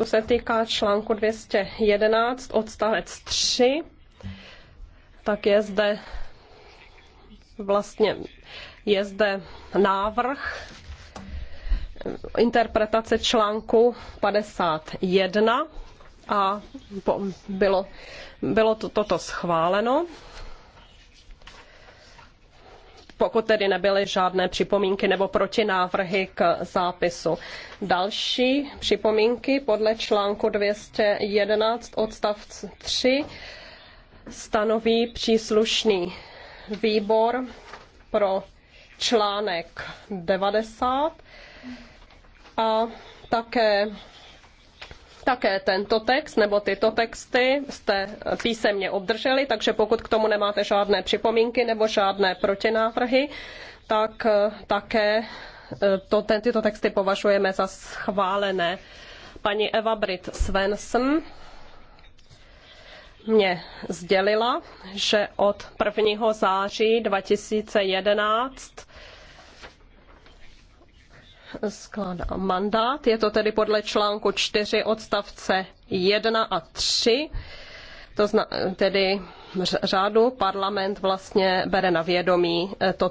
Co se týká článku 211 odstavec 3, tak je zde vlastně je zde návrh interpretace článku 51 a bylo, bylo to, toto schváleno pokud tedy nebyly žádné připomínky nebo protinávrhy k zápisu. Další připomínky podle článku 211 odstavc 3 stanoví příslušný výbor pro článek 90 a také také tento text nebo tyto texty jste písemně obdrželi, takže pokud k tomu nemáte žádné připomínky nebo žádné protinávrhy, tak eh, také eh, to, ten, tyto texty považujeme za schválené. Paní Eva Britt Svensson mě sdělila, že od 1. září 2011 skládá mandát. Je to tedy podle článku 4 odstavce 1 a 3. To zna, tedy řádu parlament vlastně bere na vědomí eh, to